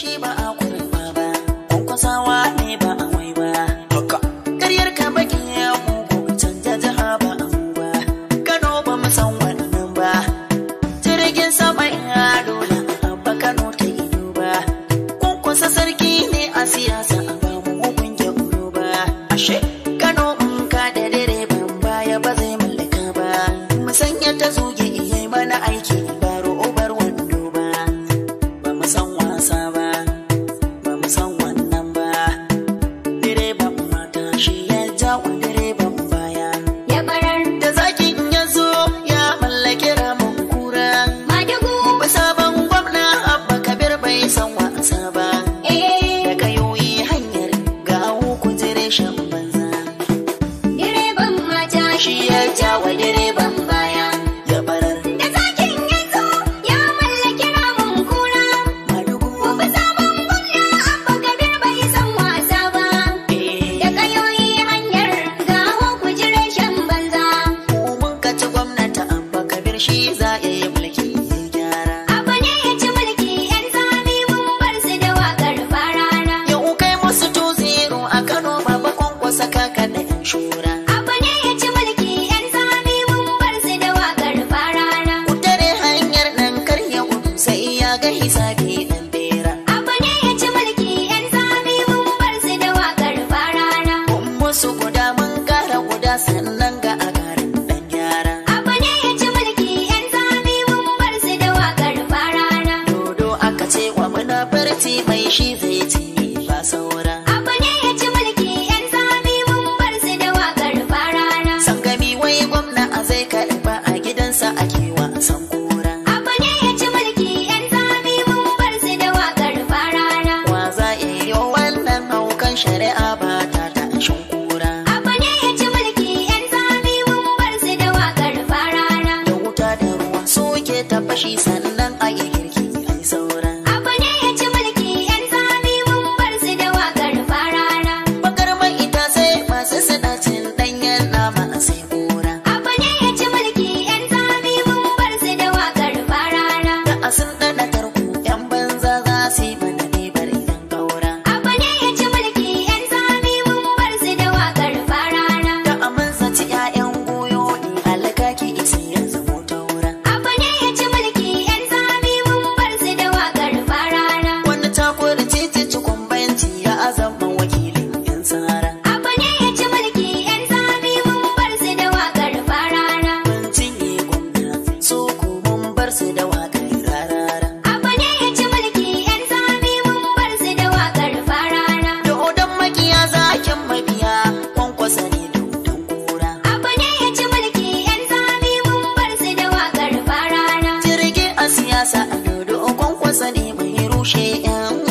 shi ba a kurfa ba kwankwasawa ne ba a wai ba karyar ka baki ya mugu canza jiha ba a ba kano ba mu san wannan ba jirgin sama ya dole abba kano ta ido ba kwankwasa sarki ne a siyasa a ba mu hukun gyaro ba ashe kano in ka da ban baya ba zai mallaka ba musanya ta zo ya yi mana aiki She shi ya jawo it. gyara sannan ga a garin dan gyara. Abu ne ya ci mulki yan zami mun bar da wakar farara. Dodo aka ce wa muna barci mai shi zai ci ba saura. Abu ne ya ci mulki yan zami mun bar da wakar farara. Sangami wai gwamna a zai a gidansa a kewa a san kura. Abu ne ya ci mulki yan zami mun bar su da wakar farara. Wa za iya yi wannan haukan shari'a fashi sannan a yi su da waƙar rarara. Abu ne ya ci mulki ‘yan zami mun bar su da wakar farara. Da odon makiya zakin mabiya kwankwasa ne dodon kura. Abu ne ya ci mulki ‘yan zami mun bar su da wakar farara. Jirgin a siyasa a dodo kwankwasa ne mai rushe ‘yan